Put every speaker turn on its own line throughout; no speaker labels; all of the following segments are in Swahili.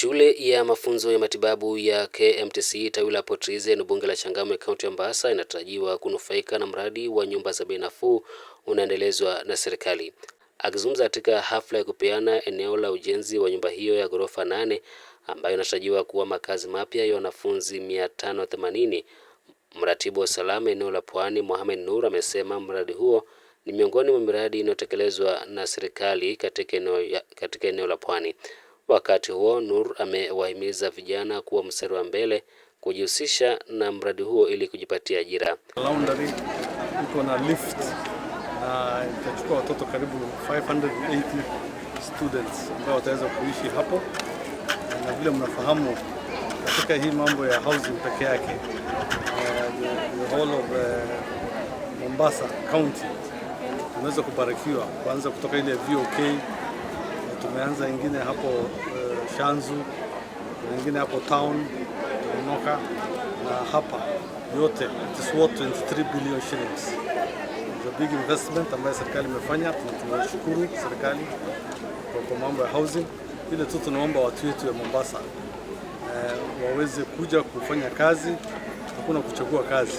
Shule ya mafunzo ya matibabu ya KMTC tawi la Port na bunge la Changamwe kaunti ya Mombasa inatarajiwa kunufaika na mradi wa nyumba za bei nafuu unaendelezwa na serikali. Akizungumza katika hafla ya kupeana eneo la ujenzi wa nyumba hiyo ya ghorofa nane ambayo inatarajiwa kuwa makazi mapya ya wanafunzi mia mratibu wa usalama eneo la Pwani Mohamed Nur amesema mradi huo ni miongoni mwa miradi inayotekelezwa na serikali katika eneo, katika eneo la Pwani. Wakati huo Nur amewahimiza vijana kuwa mstari wa mbele kujihusisha na mradi huo ili kujipatia ajira.
Laundry iko na lift na itachukua watoto karibu 580 students ambao wataweza kuishi hapo, na vile mnafahamu katika hii mambo ya housing peke yake eh, the whole of eh, Mombasa county unaweza kubarikiwa kuanza kutoka ile VOK tumeanza ingine hapo uh, Shanzu, ingine hapo town Monoka na hapa yote, it is worth 23 billion shillings. The big investment ambayo serikali imefanya, tunashukuru serikali kwa mambo ya housing. Ile tu tunaomba watu wetu wa Mombasa uh, waweze kuja kufanya kazi, hakuna kuchagua kazi.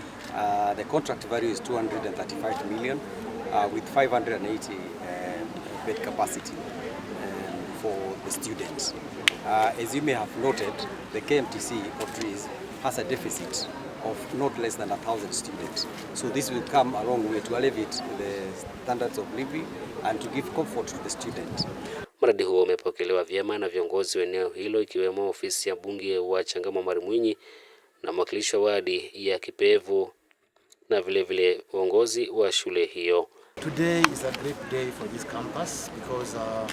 Uh, the contract value is 235 million uh, with 580 uh, um, bed capacity um, for the students. Uh, as you may have noted, the KMTC Portrees has a deficit of not less than a thousand students. So this will come a long way to elevate the standards of living and to give comfort to the students.
Mradi huo umepokelewa vyema na viongozi wa eneo hilo ikiwemo ofisi ya bunge wa Changama Mari Mwinyi na mwakilishi wa wadi ya Kipevu na vile vile uongozi wa shule hiyo.
Today is a great day for this campus because uh,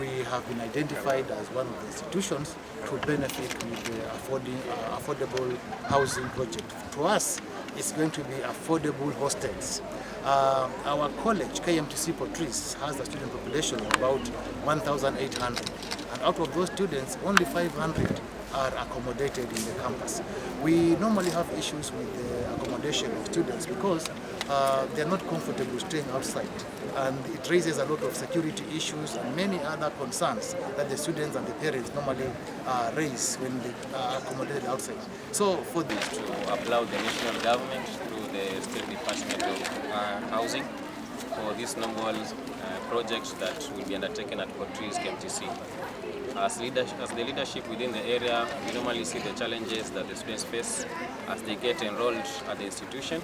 we have been identified as one of the institutions to benefit with the affording, uh, affordable housing project. To us, it's going to be affordable hostels. Uh, our college, KMTC Portrice, has a student population of about 1,800. And out of those students, only 500 are accommodated in the campus. We normally have issues with the accommodation of students because uh, they're not comfortable staying outside and it raises a lot of security issues and many other concerns that the students and the parents normally uh, raise when they are accommodated outside. So for this to applaud the national government through the State Department of uh, Housing for this normal uh, project that will be undertaken at Portuguese KMTC. As, leadership, as the leadership within the area, we normally see the challenges that the students face as they get enrolled at the institution.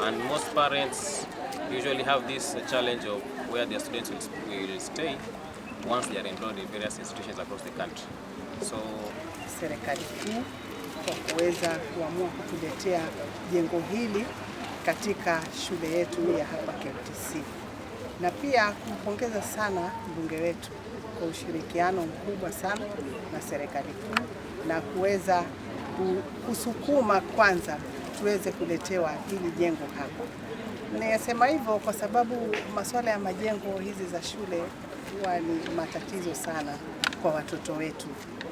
And most parents usually have this challenge of where their students will, will stay once they are enrolled in various institutions across the country.
So, serikali kuu kwa kuweza kuamua kutuletea jengo hili katika shule yetu ya hapa KMTC na pia kumpongeza sana mbunge wetu kwa ushirikiano mkubwa sana na serikali kuu na kuweza kusukuma kwanza tuweze kuletewa hili jengo hapa. Nisema hivyo kwa sababu masuala ya majengo hizi za shule huwa ni matatizo sana kwa watoto wetu.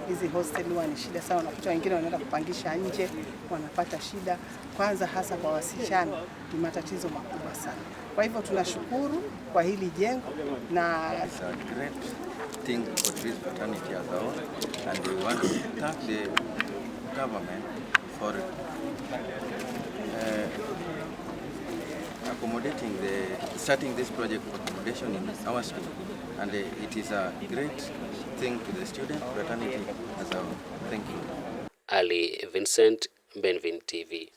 Hizi hostel huwa ni shida sana, unakuta wengine wanaenda kupangisha nje, wanapata shida. Kwanza hasa kwa wasichana ni matatizo makubwa sana. Kwa hivyo tunashukuru kwa hili jengo na
uh, accommodating the starting this project of accommodation in our school. And uh, it is a great thing to the student fraternity as thank you
Ali Vincent, Benvin TV.